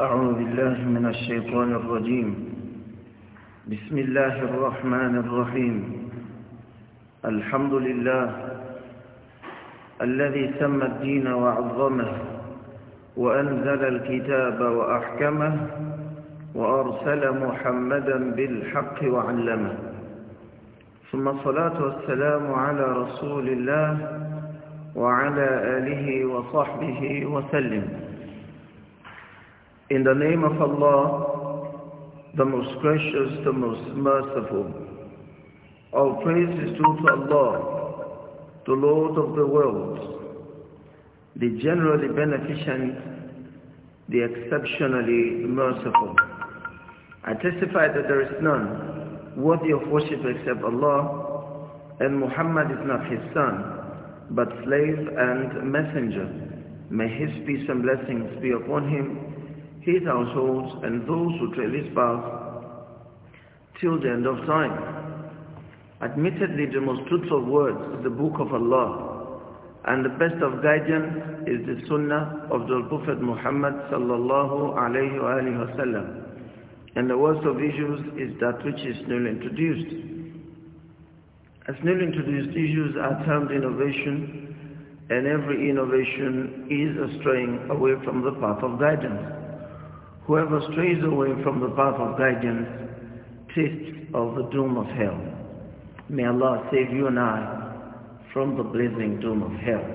أعوذ بالله من الشيطان الرجيم بسم الله الرحمن الرحيم الحمد لله الذي سمى الدين وعظمه وأنزل الكتاب وأحكمه وأرسل محمدا بالحق وعلمه ثم الصلاة والسلام على رسول الله وعلى آله وصحبه وسلم In the name of Allah, the most gracious, the most merciful. All praise is due to Allah, the Lord of the world, the generally beneficent, the exceptionally merciful. I testify that there is none worthy of worship except Allah, and Muhammad is not his son, but slave and messenger. May his peace and blessings be upon him his households, and those who tread his path till the end of time. Admittedly, the most truthful words is the Book of Allah, and the best of guidance is the Sunnah of the Prophet Muhammad sallallahu alayhi wa sallam. And the worst of issues is that which is newly introduced. As newly introduced issues are termed innovation, and every innovation is a straying away from the path of guidance. Whoever strays away from the path of guidance tastes of the doom of hell. May Allah save you and I from the blazing doom of hell.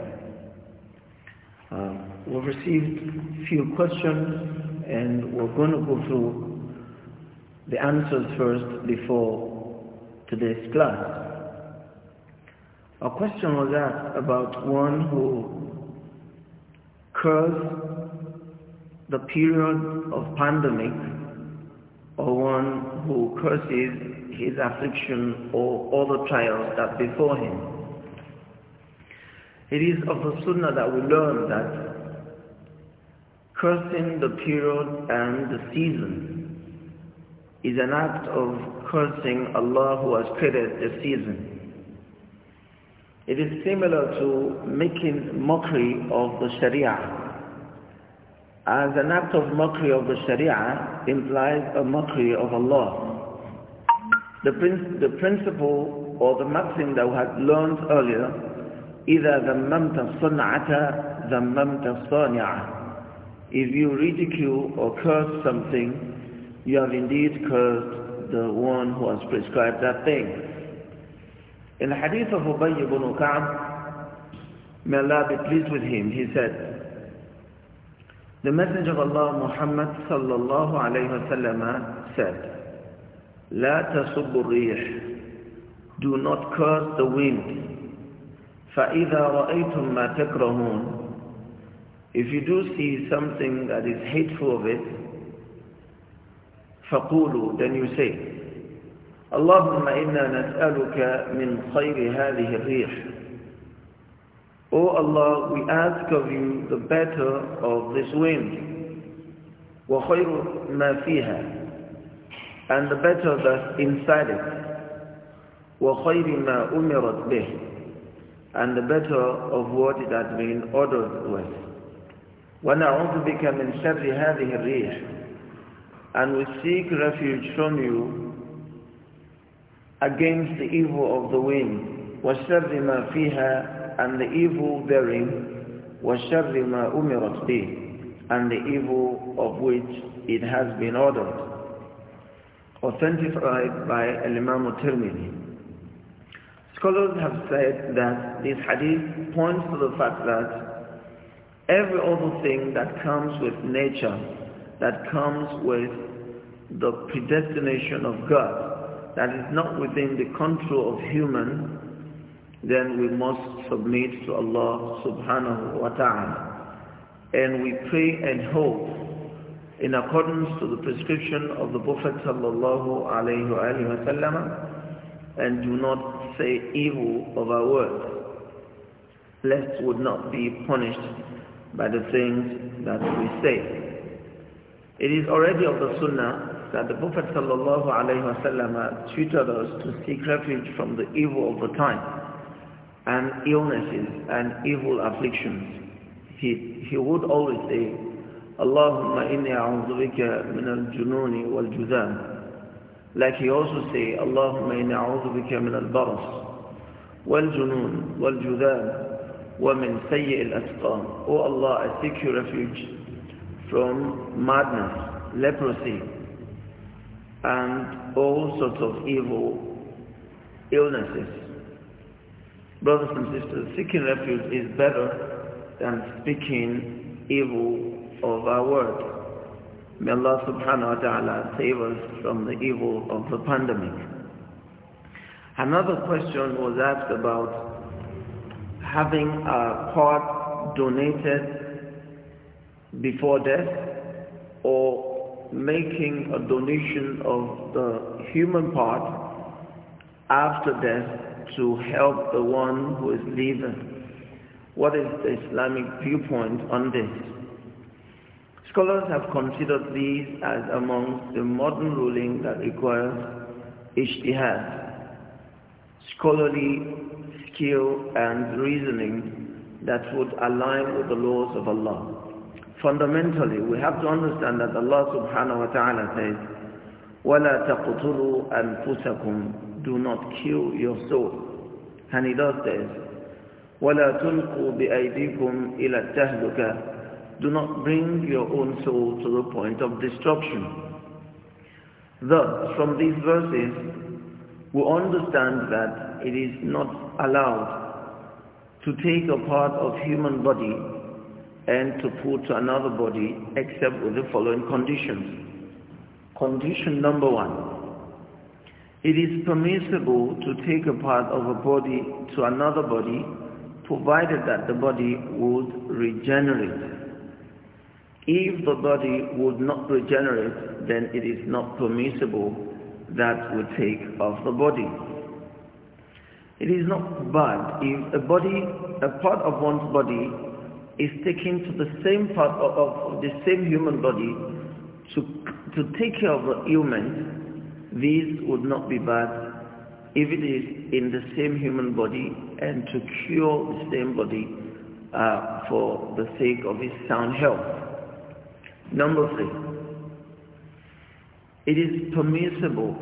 Uh, we've received few questions and we're going to go through the answers first before today's class. A question was asked about one who cursed the period of pandemic or one who curses his affliction or other trials that before him. It is of the sunnah that we learn that cursing the period and the season is an act of cursing Allah who has created the season. It is similar to making mockery of the Sharia as an act of mockery of the Sharia implies a mockery of Allah. The, prin the principle or the maxim that we had learned earlier, إِذَا ذَمَّمْتَ الصَّنْعَةَ ذَمَّمْتَ الصَّانِعَةَ If you ridicule or curse something, you have indeed cursed the one who has prescribed that thing. In the hadith of Ubay ibn Ka'b, may Allah be pleased with him, he said, The Messenger of Allah Muhammad sallallahu alayhi sallam said, لا تصب الريح Do not curse the wind. فَإِذَا رَأَيْتُمْ مَا تَكْرَهُونَ If you do see something that is hateful of it, فَقُولُوا Then you say, اللهم إنا نسألك من خير هذه الريح O Allah, we ask of you the better of this wind, وَخَيْرُ مَا فِيهَا and the better that's inside it, وَخَيْرِ مَا أُمِرَتْ بِهِ and the better of what it has been ordered with. وَنَعُوذُ بِكَ مِنْ شَرِّ هَذِهِ الرِّيحِ And we seek refuge from you against the evil of the wind, وَشَرِّ مَا فِيهَا and the evil therein وَشَرِّ مَا أُمِرَتْ بِهِ and the evil of which it has been ordered. Authentified by Imam al-Tirmidhi. Scholars have said that this hadith points to the fact that every other thing that comes with nature, that comes with the predestination of God, that is not within the control of human, then we must submit to Allah subhanahu wa ta'ala. And we pray and hope in accordance to the prescription of the Prophet sallallahu alayhi wa sallam and do not say evil of our words, lest would not be punished by the things that we say. It is already of the sunnah that the Prophet sallallahu alayhi wa sallam uh, tutored us to seek refuge from the evil of the time and illnesses and evil afflictions. He, he would always say, Allahumma inni a'udhu bika min al-jununi wal juzan. Like he also say, Allahumma inni a'udhu bika min al-baras wal-junun wal juzan wa min sayyi al-asqam. O Allah, I seek your refuge from madness, leprosy, and all sorts of evil illnesses. Brothers and sisters, seeking refuge is better than speaking evil of our word. May Allah subhanahu wa ta'ala save us from the evil of the pandemic. Another question was asked about having a part donated before death or making a donation of the human part after death to help the one who is leaving. What is the Islamic viewpoint on this? Scholars have considered these as amongst the modern ruling that requires ishtihad, scholarly skill and reasoning that would align with the laws of Allah. Fundamentally, we have to understand that Allah subhanahu wa ta'ala says, وَلَا تَقْتُلُوا أَنفُسَكُمْ Do not kill your soul. And he does this. وَلَا تُلْقُوا بِأَيْدِيكُمْ إِلَى التَّهْلُكَةِ Do not bring your own soul to the point of destruction. Thus, from these verses, we understand that it is not allowed to take a part of human body and to put to another body except with the following conditions. Condition number one. It is permissible to take a part of a body to another body provided that the body would regenerate. If the body would not regenerate, then it is not permissible that we take of the body. It is not bad if a body, a part of one's body is taken to the same part of, of the same human body to to take care of the humans, these would not be bad if it is in the same human body and to cure the same body uh, for the sake of his sound health. Number three, it is permissible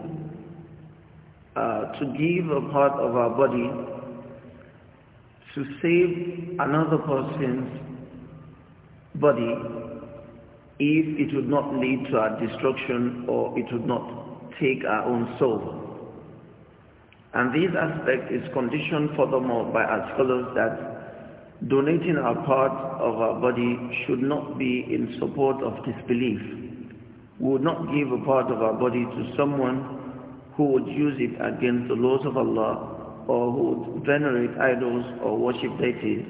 uh, to give a part of our body to save another person's body if it would not lead to our destruction or it would not take our own soul. And this aspect is conditioned furthermore by our scholars that donating a part of our body should not be in support of disbelief. We would not give a part of our body to someone who would use it against the laws of Allah or who would venerate idols or worship deities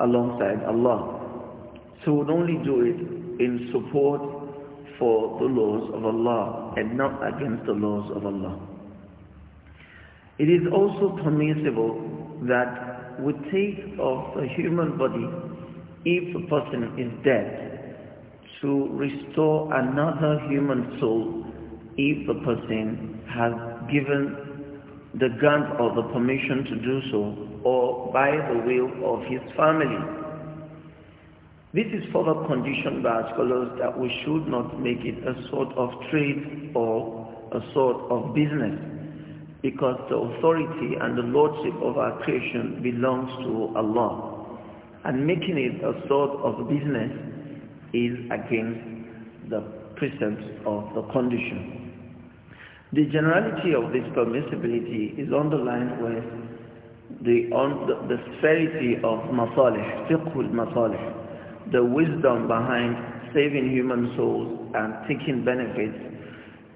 alongside Allah. So we would only do it in support for the laws of Allah and not against the laws of Allah. It is also permissible that we take of the human body if a person is dead to restore another human soul if the person has given the grant or the permission to do so or by the will of his family. This is further conditioned by scholars that we should not make it a sort of trade or a sort of business because the authority and the lordship of our creation belongs to Allah. And making it a sort of business is against the precepts of the condition. The generality of this permissibility is underlined with the, on the, the of masalih, fiqh al-masalih the wisdom behind saving human souls and taking benefits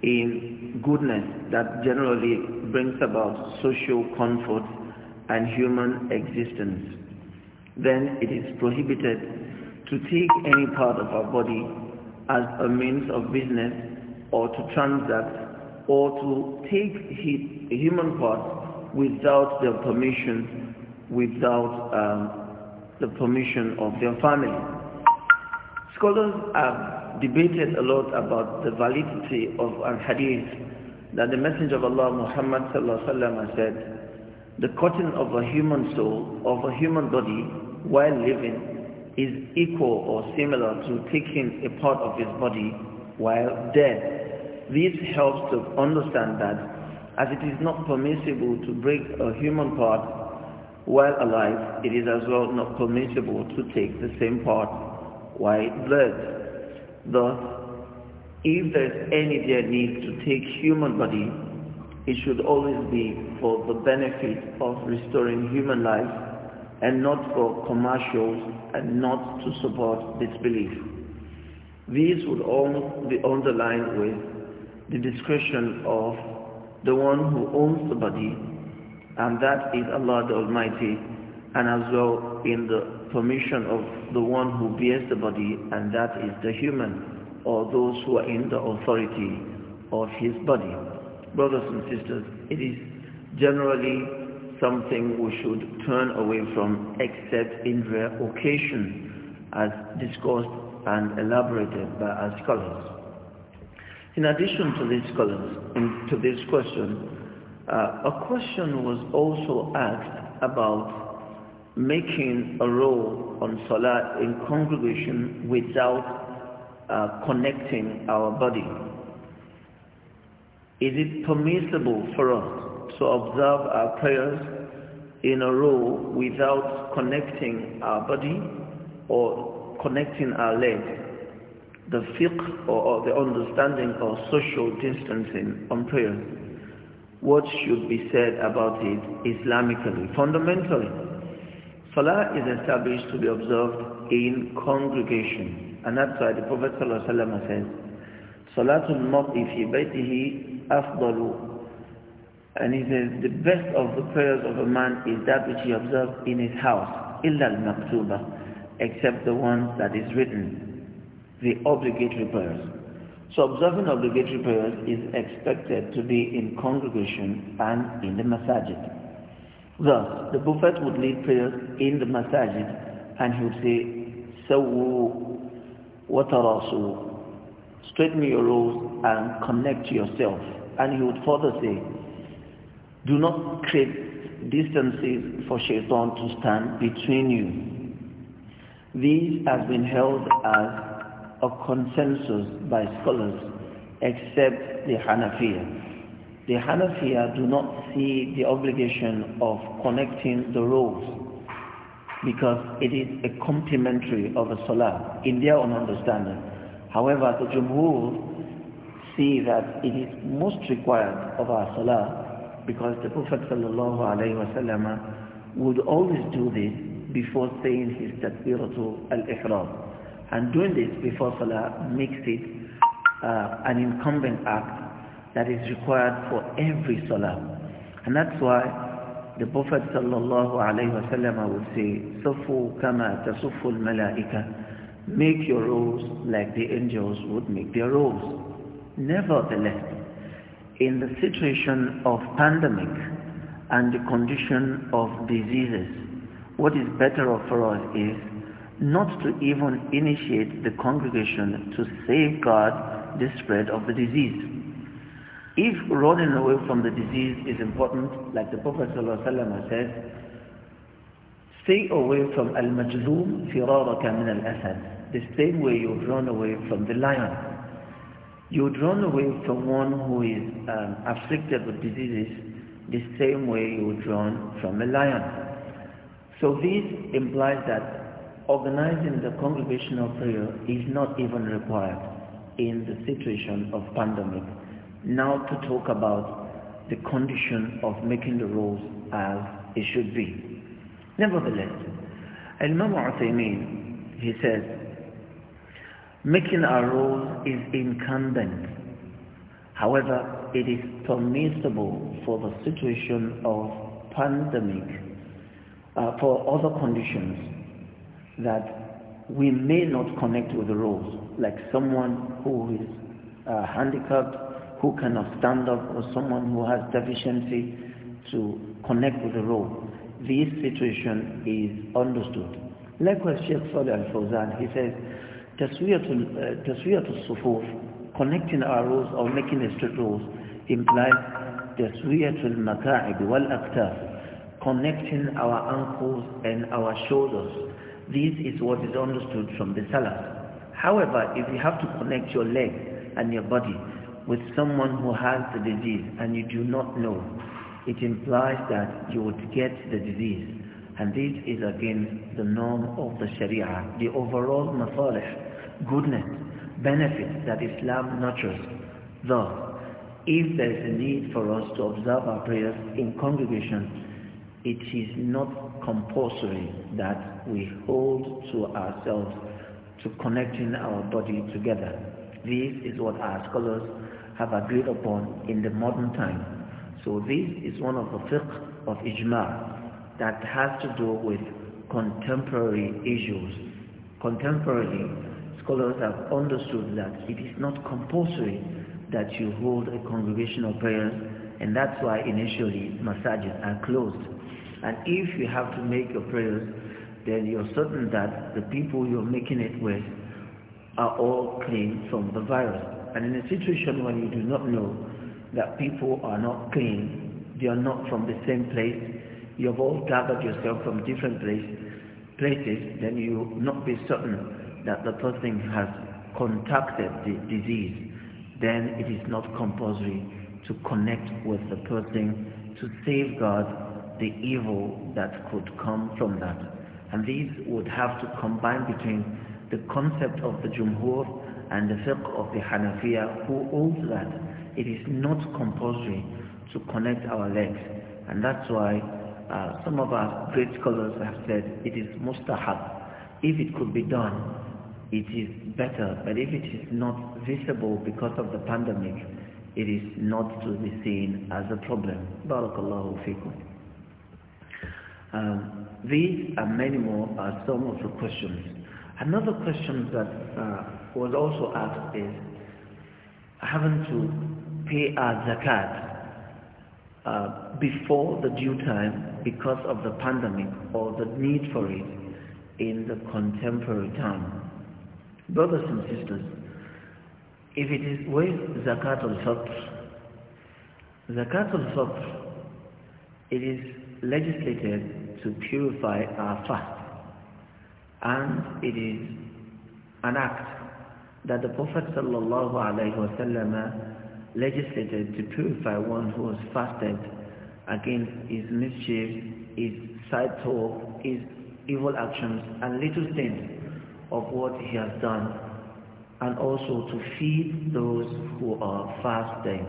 in goodness that generally brings about social comfort and human existence. Then it is prohibited to take any part of our body as a means of business or to transact or to take a human part without their permission, without um, the permission of their family. Scholars have debated a lot about the validity of a hadith that the Messenger of Allah Muhammad said, the cutting of a human soul, of a human body while living is equal or similar to taking a part of his body while dead. This helps to understand that as it is not permissible to break a human part while alive, it is as well not permissible to take the same part white blood. Thus, if there is any dead need to take human body, it should always be for the benefit of restoring human life and not for commercials and not to support disbelief. These would all be underlined with the discretion of the one who owns the body and that is Allah the Almighty and as well in the permission of the one who bears the body and that is the human or those who are in the authority of his body. Brothers and sisters, it is generally something we should turn away from except in rare occasion as discussed and elaborated by our scholars. In addition to these scholars, to this question, uh, a question was also asked about making a role on salah in congregation without uh, connecting our body. Is it permissible for us to observe our prayers in a row without connecting our body or connecting our leg? The fiqh or, or the understanding of social distancing on prayer. What should be said about it Islamically, fundamentally? Salah is established to be observed in congregation. And that's why the Prophet ﷺ says, Salatul Mab'i fi baytihi afdalu. And he says, the best of the prayers of a man is that which he observes in his house, illa al-maktuba, except the one that is written, the obligatory prayers. So observing obligatory prayers is expected to be in congregation and in the masajid. Thus, the Prophet would lead prayers in the masajid and he would say, Sawu watarasu. Straighten your rows and connect yourself. And he would further say, do not create distances for shaitan to stand between you. This has been held as a consensus by scholars except the Hanafiya. The Hanafiya do not see the obligation of connecting the rows because it is a complementary of the Salah in their own understanding. However, the Jumhur see that it is most required of our Salah because the Prophet ﷺ would always do this before saying his Takbiratul Al-Ihram. And doing this before Salah makes it uh, an incumbent act that is required for every salah. And that's why the Prophet sallallahu alayhi wa would say, Sufu kama tasufu malaika Make your rows like the angels would make their rows. Nevertheless, in the situation of pandemic and the condition of diseases, what is better for us is not to even initiate the congregation to safeguard the spread of the disease. If running away from the disease is important, like the Prophet ﷺ says, stay away from al-majzoom firaraka min al-asad. The same way you run away from the lion. You run away from one who is um, afflicted with diseases the same way you run from a lion. So this implies that organizing the congregational prayer is not even required in the situation of pandemic. Now to talk about the condition of making the rules as it should be. Nevertheless, Imam Uthaymeen, he says, making our rules is incumbent. However, it is permissible for the situation of pandemic, uh, for other conditions that we may not connect with the rules, like someone who is uh, handicapped who cannot stand up or someone who has deficiency to connect with the rope. This situation is understood. Likewise, Sheikh Salih Al-Fawzan, he says, Taswiyatul uh, Sufuf, connecting our rows or making a straight rows, implies Taswiyatul Maka'ib wal Aktar, connecting our ankles and our shoulders. This is what is understood from the Salaf. However, if you have to connect your leg and your body, with someone who has the disease and you do not know, it implies that you would get the disease. And this is against the norm of the Sharia, the overall masalih, goodness, benefits that Islam nurtures. Thus, if there is a need for us to observe our prayers in congregation, it is not compulsory that we hold to ourselves to connecting our body together. This is what our scholars have agreed upon in the modern time. So this is one of the fiqh of ijma that has to do with contemporary issues. Contemporarily, scholars have understood that it is not compulsory that you hold a congregational prayers and that's why initially masajid are closed. And if you have to make your prayers, then you're certain that the people you're making it with are all clean from the virus. And in a situation when you do not know that people are not clean, they are not from the same place, you have all gathered yourself from different place, places, then you will not be certain that the person has contracted the disease, then it is not compulsory to connect with the person to safeguard the evil that could come from that. And these would have to combine between the concept of the Jumhur and the fiqh of the Hanafiya who holds that it is not compulsory to connect our legs. And that's why uh, some of our great scholars have said it is mustahab. If it could be done, it is better. But if it is not visible because of the pandemic, it is not to be seen as a problem. Barakallahu fikum. Um, these and many more are some of the questions. Another question that uh, was also asked is, having to pay our zakat uh, before the due time because of the pandemic or the need for it in the contemporary time. Brothers and sisters, if it is with zakat al-fitr, zakat al-fitr, it is legislated to purify our fast and it is an act that the Prophet sallallahu alaihi wasallam legislated to purify one who has fasted against his mischief, his side talk, his evil actions and little things of what he has done and also to feed those who are fasting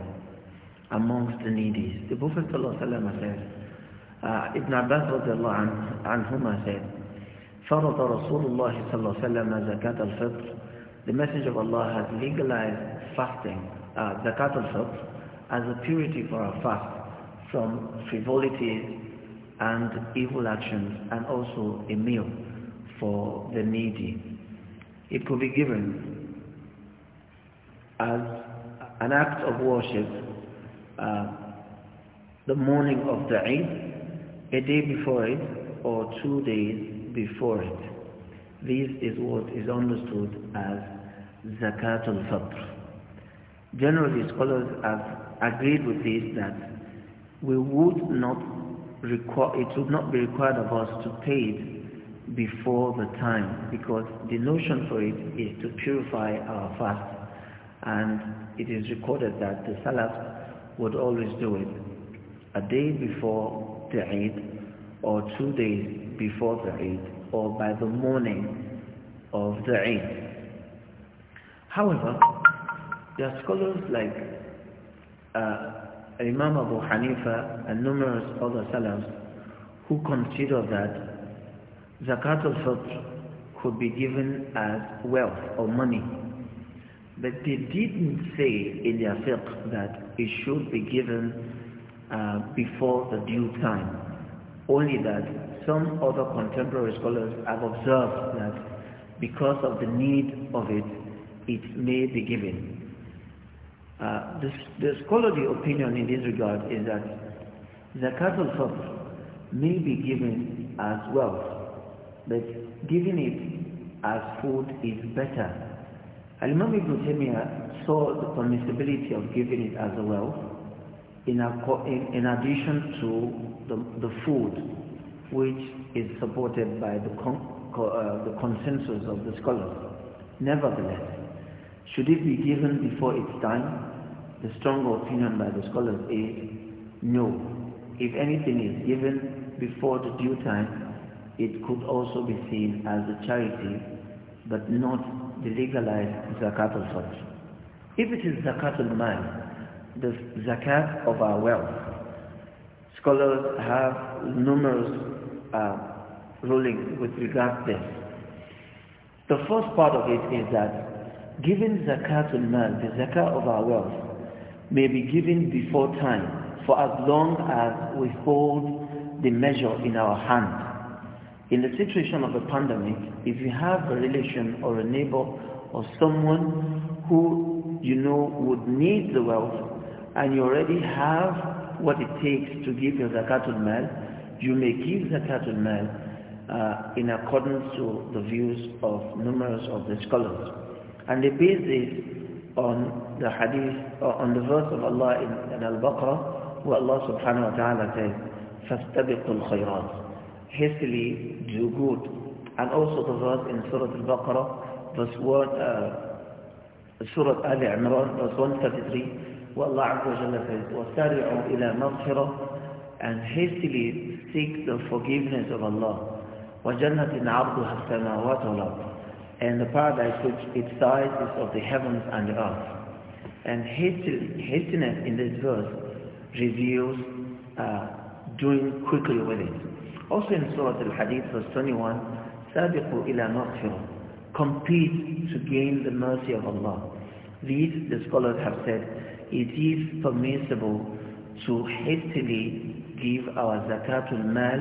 amongst the needy. The Prophet ﷺ says, uh, Ibn Abbas anhuma said, فرض رسول الله صلى الله عليه وسلم زكاة الفطر the Messenger of Allah has legalized fasting, uh, zakat al as a purity for our fast from frivolities and evil actions and also a meal for the needy. It could be given as an act of worship uh, the morning of the Eid, a day before it, or two days before it. This is what is understood as Zakatul Fitr. Generally, scholars have agreed with this that we would not require, it would not be required of us to pay it before the time because the notion for it is to purify our fast and it is recorded that the Salaf would always do it a day before the Eid or two days before the Eid or by the morning of the Eid However, there are scholars like uh, Imam Abu Hanifa and numerous other Salafs who consider that Zakat al-Fitr could be given as wealth or money. But they didn't say in their fiqh that it should be given uh, before the due time. Only that some other contemporary scholars have observed that because of the need of it, it may be given. Uh, the, the scholarly opinion in this regard is that zakat al-fitr may be given as wealth, but giving it as food is better. Al-Imam Ibn Taymiyyah saw the permissibility of giving it as a wealth in, in, in addition to the, the food which is supported by the, con, uh, the consensus of the scholars. Nevertheless, should it be given before its time? The stronger opinion by the scholars is no. If anything is given before the due time, it could also be seen as a charity, but not the legalized zakat of such. If it is zakat al-mal, the zakat of our wealth, scholars have numerous uh, rulings with regard to this. The first part of it is that Giving zakatul mal, the zakat of our wealth, may be given before time for as long as we hold the measure in our hand. In the situation of a pandemic, if you have a relation or a neighbor or someone who you know would need the wealth and you already have what it takes to give your zakatul mal, you may give zakatul mal uh, in accordance to the views of numerous of the scholars. And they base this on the hadith, or on the verse of Allah in, in Al-Baqarah, where Allah subhanahu wa ta'ala says, فَاسْتَبِقُوا الْخَيْرَاتِ Hastily do good. And also the verse in Surah Al-Baqarah, verse 1, uh, Surah Al Imran, verse 133, where Allah Azza wa Jalla says, وَسَارِعُوا إِلَى مَغْفِرَةٍ And hastily seek the forgiveness of Allah. وَجَنَّةٍ عَرْضُهَا السَّمَاوَاتُ وَالْأَرْضُ and the paradise which its size is of the heavens and the earth. And hastiness in this verse reveals uh, doing quickly with it. Also in Surah Al-Hadith verse 21, سَابِقُوا إِلَى مَغْفِرَةٍ Compete to gain the mercy of Allah. These, the scholars have said, it is permissible to hastily give our zakatul mal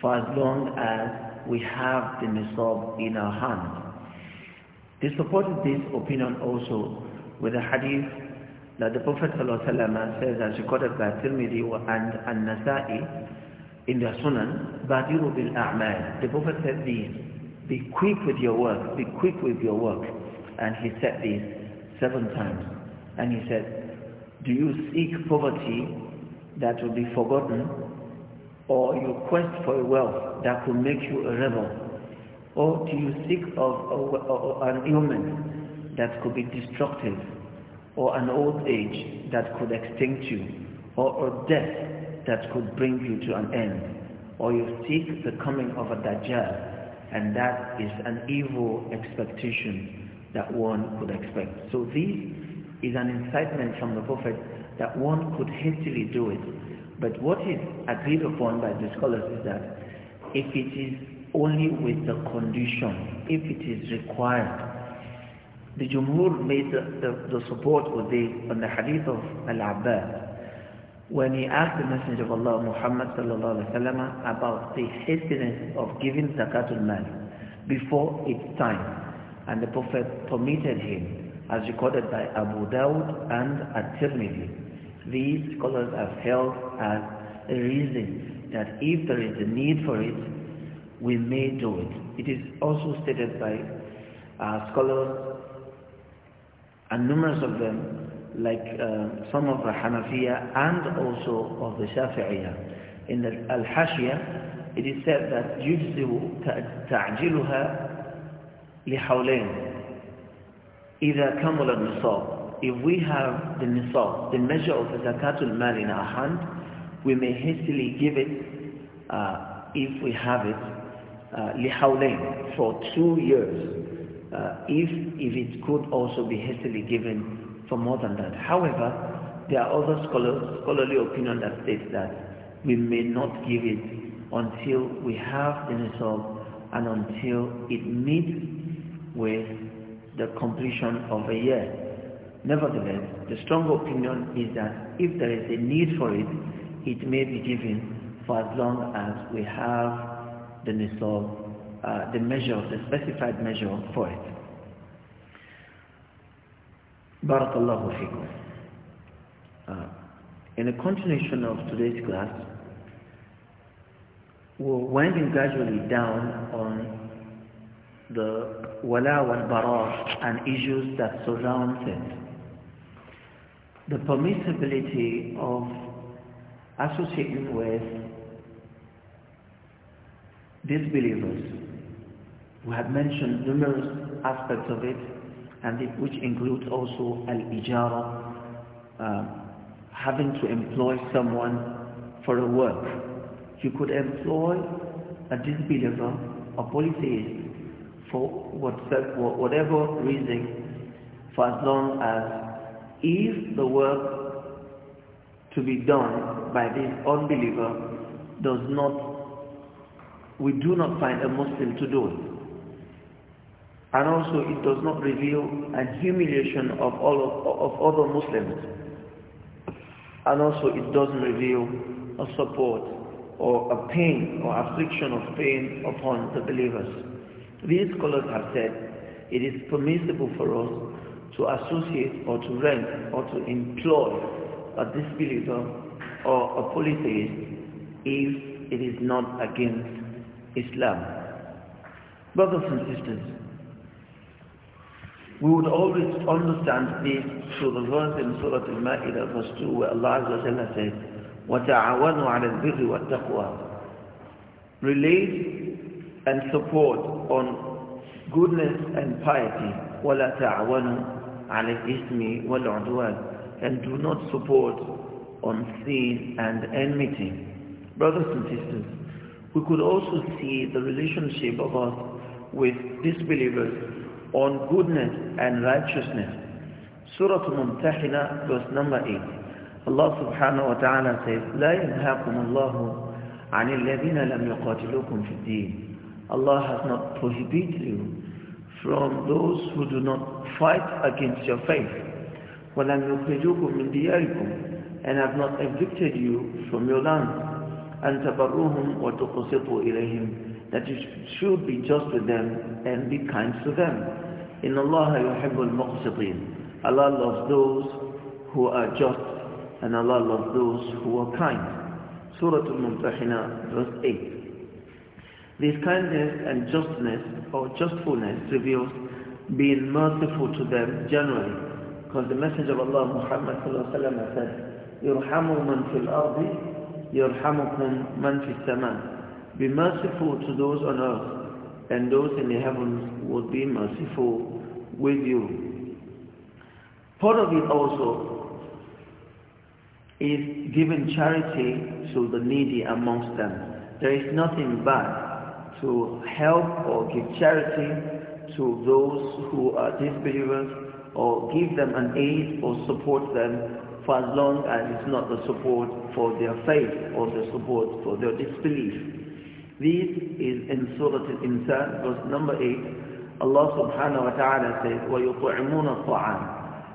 for as long as we have the nisab in our hands. They supported this opinion also with the hadith that the Prophet ﷺ says as recorded by Tirmidhi and, and Nasa'i in their Sunan, Badiru bil A'mal. The Prophet said this, be quick with your work, be quick with your work. And he said this seven times. And he said, do you seek poverty that will be forgotten or you quest for a wealth that will make you a rebel? or do you seek of, an illness that could be destructive or an old age that could extinct you or, a death that could bring you to an end or you seek the coming of a Dajjal and that is an evil expectation that one could expect. So this is an incitement from the Prophet that one could hastily do it. But what is agreed upon by the scholars is that if it is only with the condition if it is required. The Jumhur made the, the, the support with the, on the hadith of Al-Abbas when he asked the Messenger of Allah Muhammad about the hastiness of giving zakatul mal before its time and the Prophet permitted him as recorded by Abu Dawud and At-Tirmidhi. These scholars have held as a reason that if there is a need for it, we may do it. It is also stated by uh, scholars and numerous of them, like uh, some of the Hanafiya and also of the Shafi'iyya. In the Al-Hashiyah, it is said that يجزب تَعْجِلُهَا لحولين إذا كمل النصاب if we have the nisab, the measure of the zakatul mal in our hand, we may hastily give it uh, if we have it uh, lihawlain for two years, uh, if if it could also be hastily given for more than that. However, there are other scholars, scholarly opinion that states that we may not give it until we have the nisab and until it meets with the completion of a year. Nevertheless, the strong opinion is that if there is a need for it, it may be given for as long as we have the uh, the measure, the specified measure for it. Barakallahu fikum. Uh, in a continuation of today's class, we're winding gradually down on the wala wal bara and issues that surround it. The permissibility of associating with disbelievers. We have mentioned numerous aspects of it, and it, which includes also al-ijara, uh, having to employ someone for a work. You could employ a disbeliever, a polytheist, for whatever reason, for as long as if the work to be done by this unbeliever does not we do not find a Muslim to do. And also it does not reveal an humiliation of all of, of other Muslims. And also it doesn't reveal a support or a pain or affliction of pain upon the believers. These scholars have said it is permissible for us to associate or to rent or to employ a disbeliever or a polytheist if it is not against Islam. Brothers and sisters, we would always understand this through the verse in Surah Al-Ma'idah verse 2 where Allah Azza wa Jalla says, وَتَعَوَنُوا عَلَى الْبِرِّ وَالتَّقْوَى Relate and support on goodness and piety. وَلَا تَعَوَنُوا عَلَى الْإِثْمِ وَالْعُدْوَانِ And do not support on sin and enmity. Brothers and sisters, we could also see the relationship of us with disbelievers on goodness and righteousness. Surah Mumtahina verse number 8. Allah subhanahu wa ta'ala says, لا ينهاكم الله عن الذين لم يقاتلوكم في الدين. Allah has not prohibited you from those who do not fight against your faith. وَلَمْ يُخْرِجُوكُم مِّن دِيَارِكُمْ And have not evicted you from your land and tabarruhum wa tuqsitu ilayhim that you should be just with them and be kind to them in Allah yuhibbul muqsitin Allah loves those who are just and Allah loves those who are kind Surah Al-Mumtahina verse 8 this kindness and justness or justfulness reveals being merciful to them generally because the message of Allah Muhammad said يرحم من في الأرض يرحمكم من في السماء. Be merciful to those on earth, and those in the heavens will be merciful with you. Part of it also is giving charity to the needy amongst them. There is nothing bad to help or give charity to those who are disbelievers or give them an aid or support them for as long as it's not the support for their faith or their support for their disbelief. This is in Surah Al-Insan, verse number 8. Allah subhanahu wa ta'ala says, وَيُطْعِمُونَ الطَّعَامِ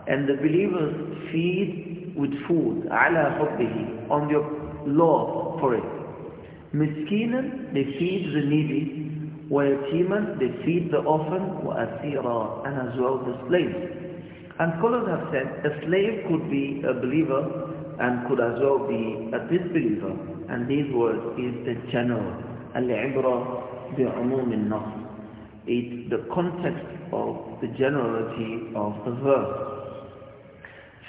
And the believers feed with food, عَلَى حُبِّهِ On your love for it. مِسْكِينًا They feed the needy. وَيَتِيمًا They feed the orphan. وَأَثِيرا And as well the slave. And scholars have said, a slave could be a believer and could as well be a disbeliever. And these words is the general. Al-ibra bi'umum al-nas. It's the context of the generality of the verse.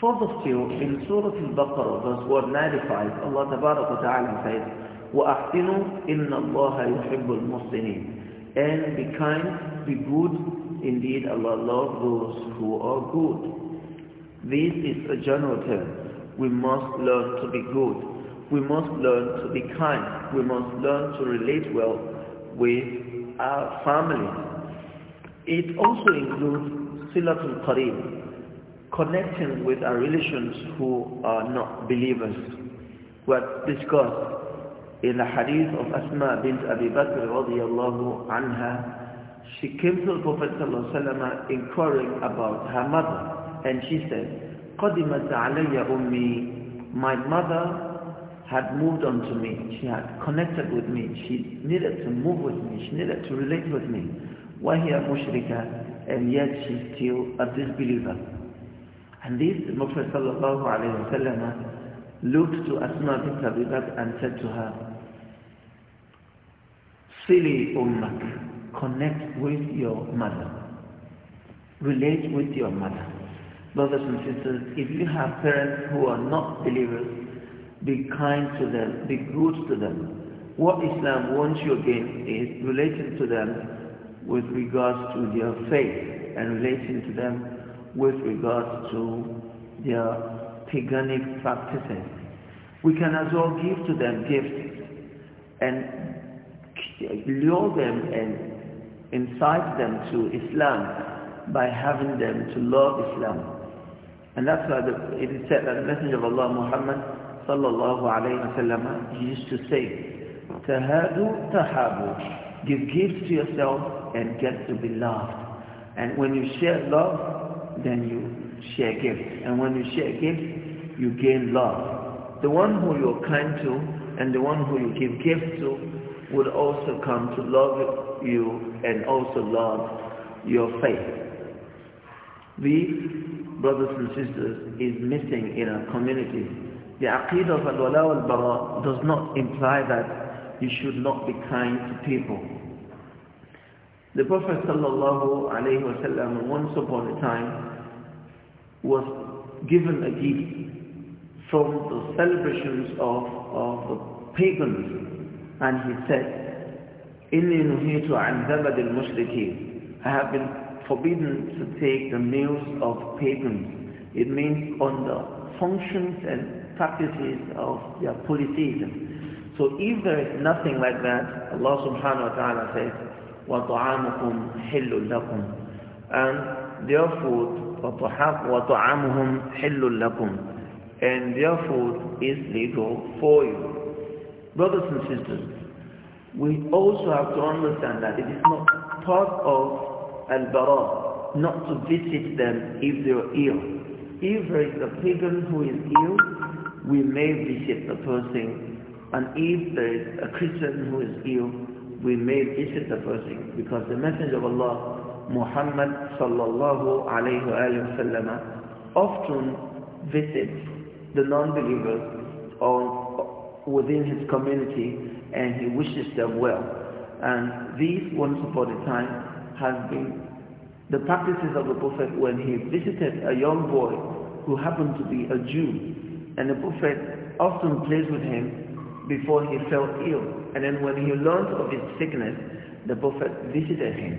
Further still, in Surah Al-Baqarah, verse 195, Allah Tabaraka Ta'ala says, وَأَحْسِنُوا إِنَّ اللَّهَ يُحِبُّ الْمُحْسِنِينَ And be kind, be good, indeed Allah loves those who are good. This is a general term. We must learn to be good. We must learn to be kind. We must learn to relate well with our family. It also includes silatul qareem, connecting with our relations who are not believers. What discussed in the hadith of Asma bint Abi Bakr radiyallahu anha, she came to the Prophet sallallahu alaihi inquiring about her mother, and she said, قدمت علي أمي my mother had moved on to me she had connected with me she needed to move with me she needed to relate with me وهي مشركة and yet she's still a disbeliever and this the صلى الله عليه وسلم looked to Asma bint Abi and said to her Sili ummak connect with your mother relate with your mother Brothers and sisters, if you have parents who are not believers, be kind to them, be good to them. What Islam wants you again is relating to them with regards to their faith and relating to them with regards to their paganic practices. We can as well give to them gifts and lure them and incite them to Islam by having them to love Islam and that's why the, it is said that the Messenger of Allah Muhammad sallallahu alayhi wa sallam, he used to say, Tahadu tahabu. Give gifts to yourself and get to be loved. And when you share love, then you share gifts. And when you share gifts, you gain love. The one who you're kind to and the one who you give gifts to would also come to love you and also love your faith. These brothers and sisters, is missing in our community. The aqidah of al-wala wal-bara does not imply that you should not be kind to people. The Prophet sallallahu alayhi wasallam once upon a time was given a gift from the celebrations of, of the pagans and he said, إِنِّي نُهِيتُ عَنْ ذَبَدِ الْمُشْرِكِينَ I have been forbidden to take the meals of pagans. It means on the functions and practices of their polytheism. So if there is nothing like that, Allah subhanahu wa ta'ala says, وَطَعَامُكُمْ حِلٌّ لَكُمْ And their food, وَطَعَامُهُمْ حِلٌّ لَكُمْ And their food is legal for you. Brothers and sisters, we also have to understand that it is not part of al-bara, not to visit them if they are ill. If there is a pagan who is ill, we may visit the person. And if there is a Christian who is ill, we may visit the person. Because the Messenger of Allah, Muhammad sallallahu alayhi wa sallam, often visits the non-believers within his community and he wishes them well. And these once upon a time has been the practices of the Prophet when he visited a young boy who happened to be a Jew and the Prophet often played with him before he fell ill and then when he learned of his sickness the Prophet visited him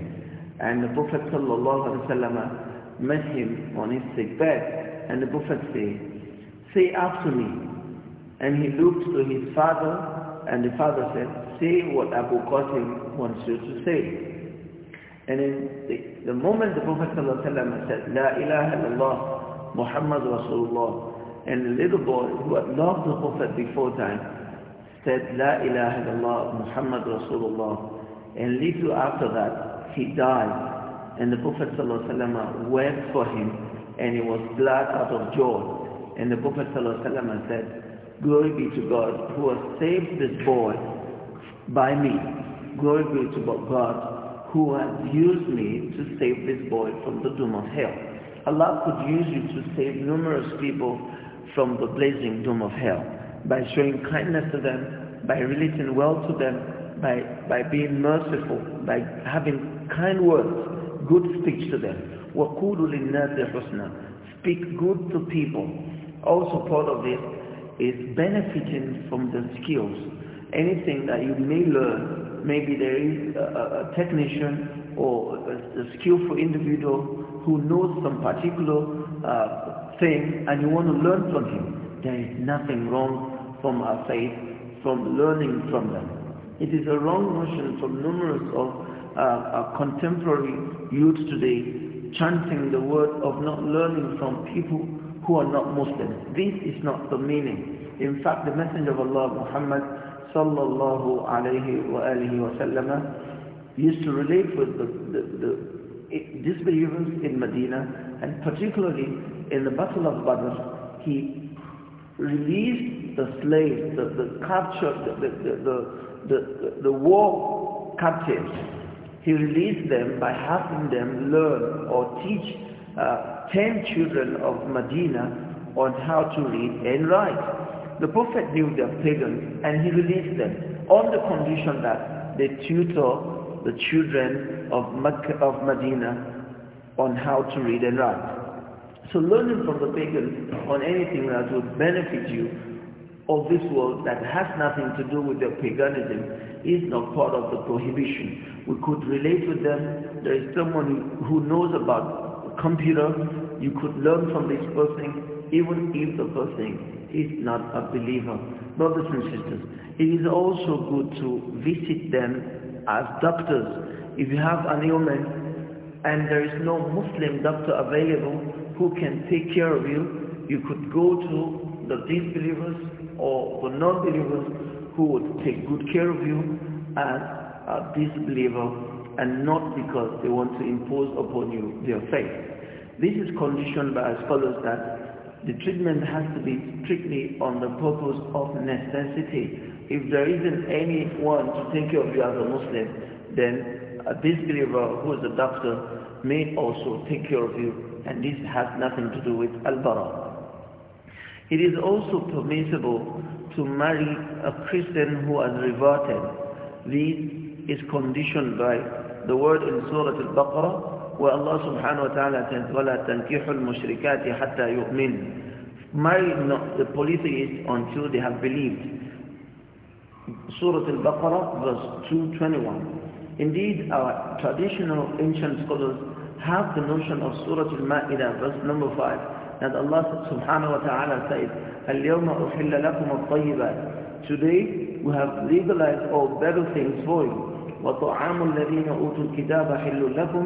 and the Prophet ﷺ met him on his sick bed and the Prophet said say after me and he looked to his father and the father said say what Abu Qasim wants you to say and in the, the moment the Prophet ﷺ said, La ilaha illallah, Muhammad Rasulullah, and the little boy who had loved the Prophet before time said, La ilaha illallah, Muhammad Rasulullah, and little after that, he died. And the Prophet ﷺ wept for him, and he was glad out of joy. And the Prophet ﷺ said, Glory be to God who has saved this boy by me. Glory be to God who has used me to save this boy from the doom of hell. Allah could use you to save numerous people from the blazing doom of hell by showing kindness to them, by relating well to them, by, by being merciful, by having kind words, good speech to them. وَقُولُ لِلنَّاسِ حُسْنًا Speak good to people. Also part of this is benefiting from the skills. Anything that you may learn maybe there is a, a technician or a, a, skillful individual who knows some particular uh, thing and you want to learn from him. There is nothing wrong from our faith, from learning from them. It is a wrong notion from numerous of uh, contemporary youth today chanting the word of not learning from people who are not Muslims. This is not the meaning. In fact, the Messenger of Allah, Muhammad, صلى الله عليه وآله وسلم used to relate with the, the, the disbelievers in Medina and particularly in the Battle of Badr, he released the slaves, the, the captured, the, the, the, the, war captives. He released them by having them learn or teach uh, 10 children of Medina on how to read and write. The Prophet knew the pagans and he released them on the condition that they tutor the children of, Mecca, of Medina on how to read and write. So learning from the pagans on anything that would benefit you of this world that has nothing to do with their paganism is not part of the prohibition. We could relate with them. There is someone who knows about computer. You could learn from this person even if the person is not a believer. Brothers and sisters, it is also good to visit them as doctors. If you have an ailment and there is no Muslim doctor available who can take care of you, you could go to the disbelievers or the non-believers who would take good care of you as a disbeliever and not because they want to impose upon you their faith. This is conditioned by scholars that the treatment has to be strictly on the purpose of necessity. If there isn't anyone to take care of you as a Muslim, then a disbeliever who is a doctor may also take care of you and this has nothing to do with al-bara. It is also permissible to marry a Christian who has reverted. This is conditioned by the word in Surah Al-Baqarah والله سبحانه وتعالى وَلَا تَنْكِحُ الْمُشْرِكَاتِ حَتَّى يُؤْمِنْ Marry not the polytheists until they have believed. Surah Al-Baqarah verse 221. Indeed, our traditional ancient scholars have the notion of Surah Al-Ma'idah verse number 5 that Allah subhanahu wa ta'ala says, الْيَوْمَ أُحِلَّ لَكُمُ الطَّيِّبَاتِ Today, we have legalized all better things for you. وطعام الذين أوتوا الكتاب حل لكم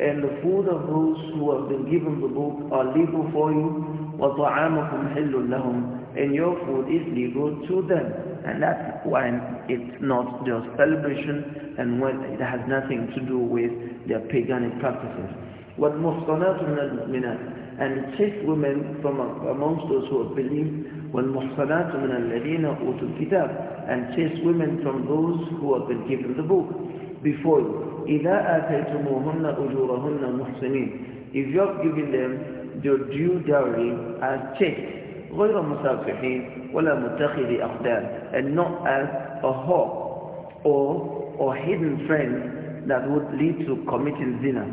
and the food of those who have been given the book are legal for you, وَطَعَامُكُمْ حِلٌّ لَهُمْ And your food is legal to them. And that's why it's not just celebration and when it has nothing to do with their pagan practices. What وَالْمُحْصَنَاتُ مِنَ And chase women from amongst those who have believed وَالْمُحْصَنَاتُ مِنَ الَّذِينَ أُوتُوا الْكِتَابِ And chaste women from those who have been given the book before you. إِذَا آتَيْتُمُوهُنَّ أُجُورَهُنَّ مُحْسِنِينَ If you have given them their due dowry as check, غير مسافحين ولا متخذي أقدام and not as a hawk or, a hidden friend that would lead to committing zina.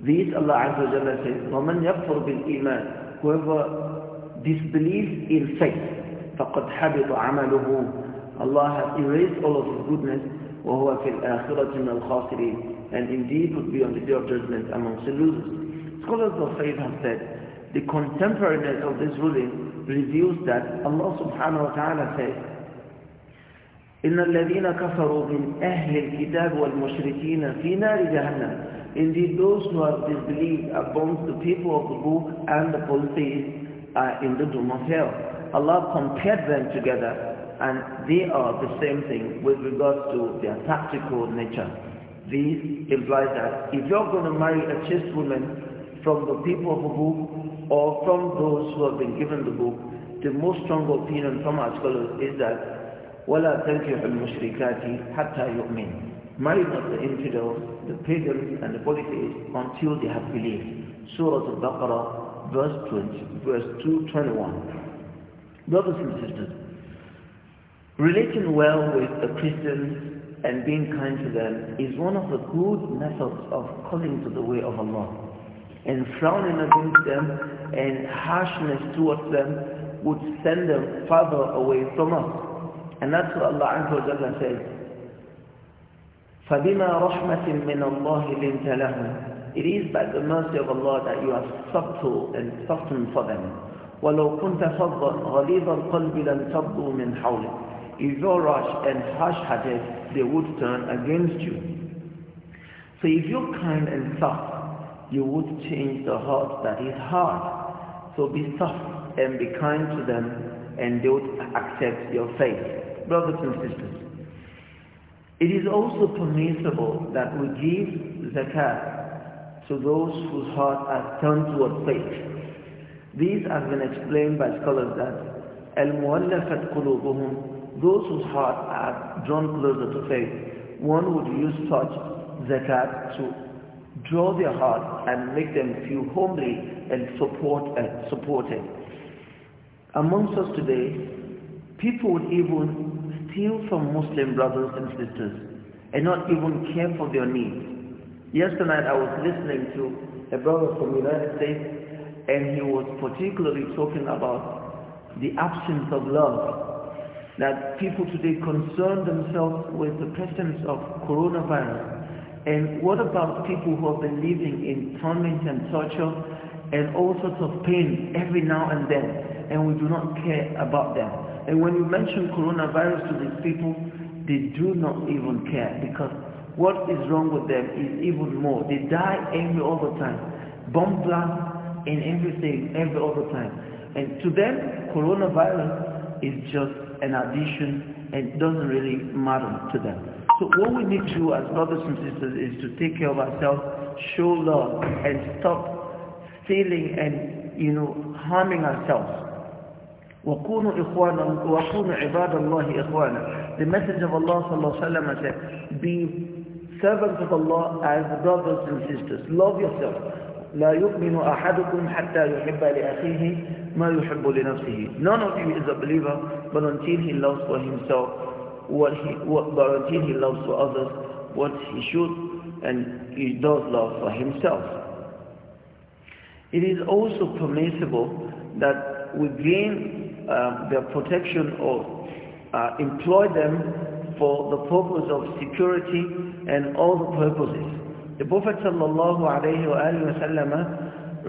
This Allah Azza wa Jalla says, وَمَنْ يَكْفُرْ بِالْإِيمَانِ Whoever disbelieves in faith, فَقَدْ حَبِطَ عَمَلُهُ Allah has erased all of his goodness وهو في الآخرة من الخاسرين and indeed would be on the day of judgment amongst the losers. Scholars of faith have said the contemporariness of this ruling reveals that Allah subhanahu wa ta'ala says إن الذين كفروا من أهل الكتاب والمشركين في نار جهنم Indeed, those who have disbelieved amongst the people of the book and the polytheists are in the doom of hell. Allah compared them together and they are the same thing with regards to their tactical nature. This implies that if you're going to marry a chaste woman from the people of the book or from those who have been given the book, the most strong opinion from our scholars is that وَلَا تَنْكِحُ الْمُشْرِكَاتِ حَتَّى يُؤْمِنْ Marry not the infidels, the pagans and the polytheists until they have believed. Surah Al-Baqarah verse 20, verse 221. Brothers and sisters, Relating well with the Christians and being kind to them is one of the good methods of calling to the way of Allah. And frowning against them and harshness towards them would send them further away from us. And that's what Allah Azza wa Jalla says. فَبِمَا رَحْمَةٍ مِّنَ اللَّهِ لِنْتَ لَهُمْ It is by the mercy of Allah that you are subtle and softened for them. وَلَوْ كُنْتَ فَضًّا غَلِيظَ الْقَلْبِ لَنْ مِنْ حَوْلِكَ if you are rash and harsh-hearted, they would turn against you. So if you're kind and soft, you would change the heart that is hard. So be soft and be kind to them and they would accept your faith. Brothers and sisters, it is also permissible that we give zakat to those whose hearts are turned toward faith. These have been explained by scholars that al-muallafat qulubuhum those whose hearts are drawn closer to faith, one would use such zakat to draw their hearts and make them feel homely and support and uh, supported. Amongst us today, people would even steal from Muslim brothers and sisters and not even care for their needs. Yesterday I was listening to a brother from the United States and he was particularly talking about the absence of love that people today concern themselves with the presence of coronavirus. And what about people who have been living in torment and torture and all sorts of pain every now and then, and we do not care about them? And when you mention coronavirus to these people, they do not even care because what is wrong with them is even more. They die angry all the time, bomb blasts and everything every other time. And to them, coronavirus is just an addition and it doesn't really matter to them. So what we need to do as brothers and sisters is to take care of ourselves, show love and stop stealing and, you know, harming ourselves. وكونوا إخوانا وكونوا عباد الله The message of Allah صلى said, be servants of Allah as brothers and sisters. Love yourself. لا يؤمن أحدكم حتى يحب لأخيه ما يحب لنفسه none of you is a believer but until he loves for himself what he what, but until he loves for others what he should and he does love for himself it is also permissible that we gain uh, um, their protection or uh, employ them for the purpose of security and all the purposes the Prophet ﷺ uh,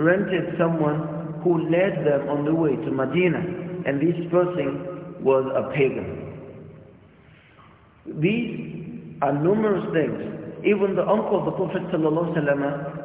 rented someone who led them on the way to Medina, and this person was a pagan. These are numerous things. Even the uncle of the Prophet ﷺ, uh,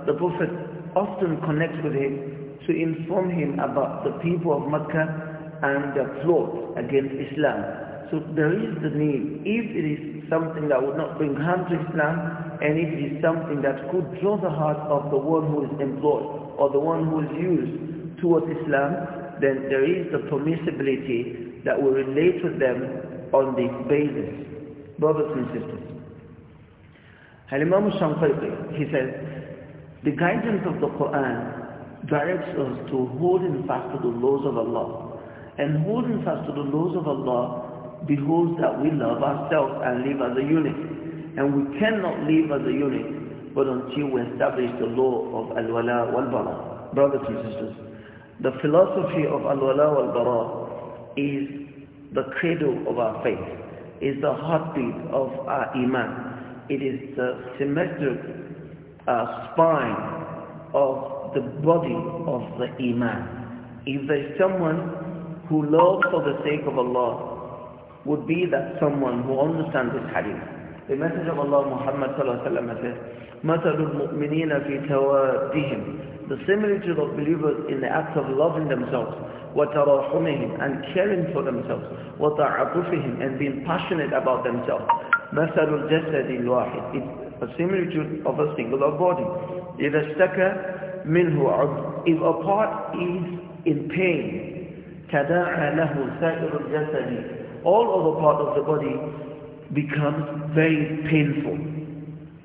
the Prophet often connects with him to inform him about the people of Mecca and their plot against Islam so there is the need. If it is something that would not bring harm to Islam, and if it is something that could draw the heart of the one who is employed or the one who is used towards Islam, then there is the permissibility that will relate to them on this basis. Brothers and sisters. Al-Imam he says, the guidance of the Quran directs us to holding fast to the laws of Allah. And holding fast to the laws of Allah beholds that we love ourselves and live as a unit. And we cannot live as a unit but until we establish the law of al-wala wal-bara. Brothers and sisters, the philosophy of al-wala wal-bara is the credo of our faith, is the heartbeat of our iman. It is the symmetric uh, spine of the body of the iman. If there is someone who loves for the sake of Allah, would be that someone who understands this hadith. The message of Allah Muhammad says, The similitude of believers in the act of loving themselves, وَتَرَحُمِهِمْ and caring for themselves, وَتَعَطُفِهِمْ and being passionate about themselves. مَثَلُ It's a similitude of a singular body. If a part is in pain, all other part of the body becomes very painful.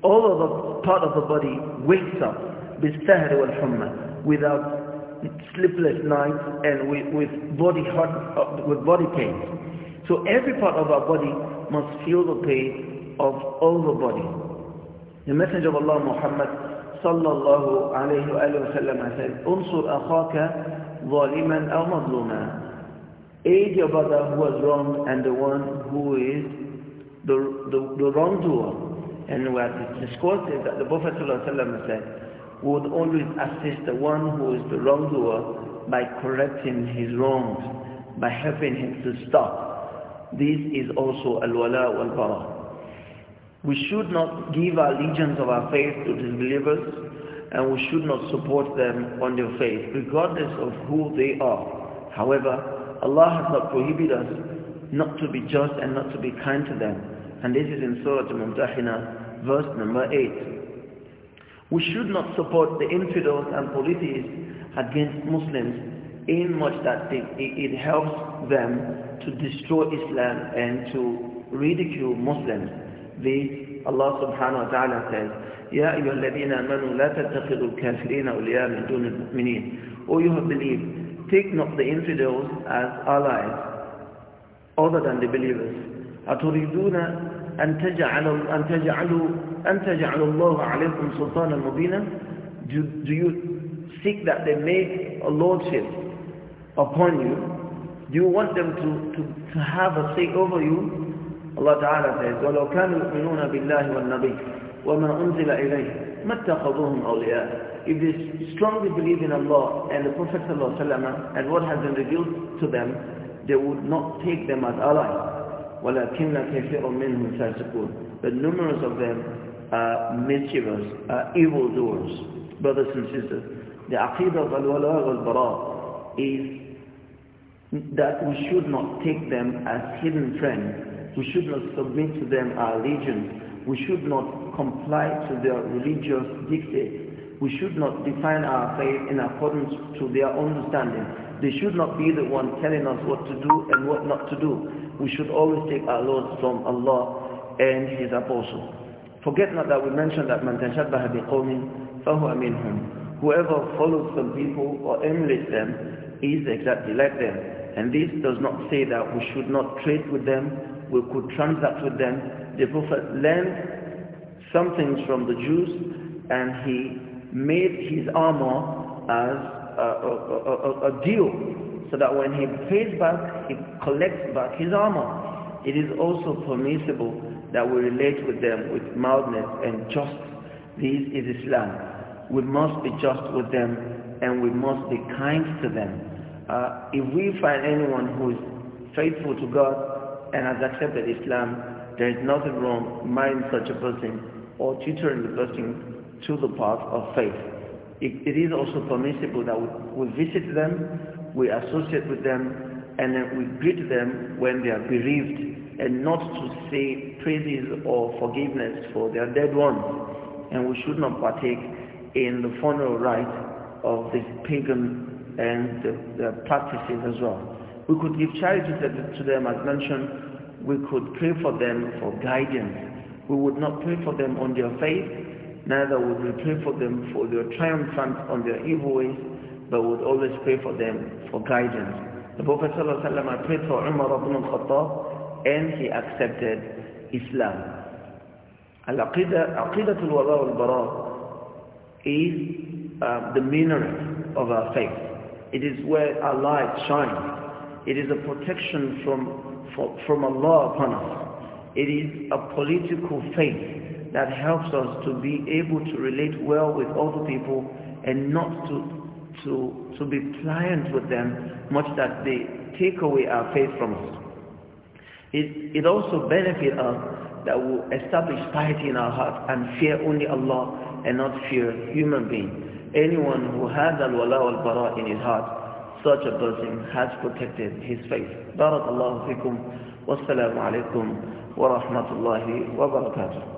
All other part of the body wakes up بالسهر والحمى without sleepless nights and with, with body hurt, uh, with body pain. So every part of our body must feel the pain of all the body. The Messenger of Allah Muhammad sallallahu alayhi wa sallam said, "Unsur akhaka zaliman aw aid your brother who was wrong and the one who is the, the, the wrongdoer. And we have discussed that the Prophet ﷺ said, would always assist the one who is the wrongdoer by correcting his wrongs, by helping him to stop. This is also al-wala wal-bara. We should not give allegiance of our faith to disbelievers and we should not support them on their faith, regardless of who they are. However, Allah has not prohibited us not to be just and not to be kind to them. And this is in Surah Mumtahina, verse number 8. We should not support the infidels and polytheists against Muslims in much that it, it helps them to destroy Islam and to ridicule Muslims. This Allah subhanahu wa ta'ala says, يَا أَيُّهَا الَّذِينَ آمَنُوا لَا تَتَّخِذُوا الْكَافِرِينَ أَوْلِيَاءَ مِن دُونِ الْمُؤْمِنِينَ O you have believed, Take not the infidels as allies other than the believers. أتريدون أن تجعلوا أن تجعلوا أن تجعلوا الله عليكم سلطانا مبينا do, do you seek that they make a lordship upon you? Do you want them to, to, to have a say over you? Allah Ta'ala says, وَلَوْ كَانُوا يُؤْمِنُونَ بِاللَّهِ وَالنَّبِيِّ وَمَا أُنْزِلَ إِلَيْهِ أَوْلِيَاءَ If they strongly believe in Allah and the Prophet ﷺ and what has been revealed to them, they would not take them as allies. وَلَكِنَّ مِّنْهُمْ فَاسِقُونَ But numerous of them are mischievous, are evildoers, brothers and sisters. The aqidah of al-wala wal-bara is that we should not take them as hidden friends. We should not submit to them our allegiance. We should not comply to their religious dictates. We should not define our faith in accordance to their understanding. They should not be the one telling us what to do and what not to do. We should always take our laws from Allah and His Apostle. Forget not that we mentioned that man tashabbaha biqawmin fahuwa minhum. Whoever follows some people or emulates them is exactly like them. And this does not say that we should not trade with them, we could transact with them. The Prophet learned some things from the Jews and he made his armor as a, a, a, a deal so that when he pays back, he collects back his armor. It is also permissible that we relate with them with mildness and just. This is Islam. We must be just with them and we must be kind to them. Uh, if we find anyone who is faithful to God and has accepted Islam, there is nothing wrong mind such a person or tutor in the person to the path of faith. it, it is also permissible that we, we visit them, we associate with them, and then we greet them when they are bereaved, and not to say praises or forgiveness for their dead ones. And we should not partake in the funeral rite of this pagan and the, the practices as well. We could give charity to them as mentioned. We could pray for them for guidance we would not pray for them on their faith, neither would we pray for them for their triumphant on their evil ways, but would always pray for them for guidance. The Prophet ﷺ prayed for Umar ibn al-Khattab and he accepted Islam. Al-Aqidah, al Wara al-Bara is uh, the minaret of our faith. It is where our light shines. It is a protection from, from, from Allah upon us. It is a political faith that helps us to be able to relate well with other people and not to to to be pliant with them much that they take away our faith from us. It it also benefits us that we establish piety in our heart and fear only Allah and not fear human being. Anyone who has al-wala Al bara in his heart, such a person has protected his faith. Barakallahu fikum. Wassalamu alaikum. ورحمة الله وبركاته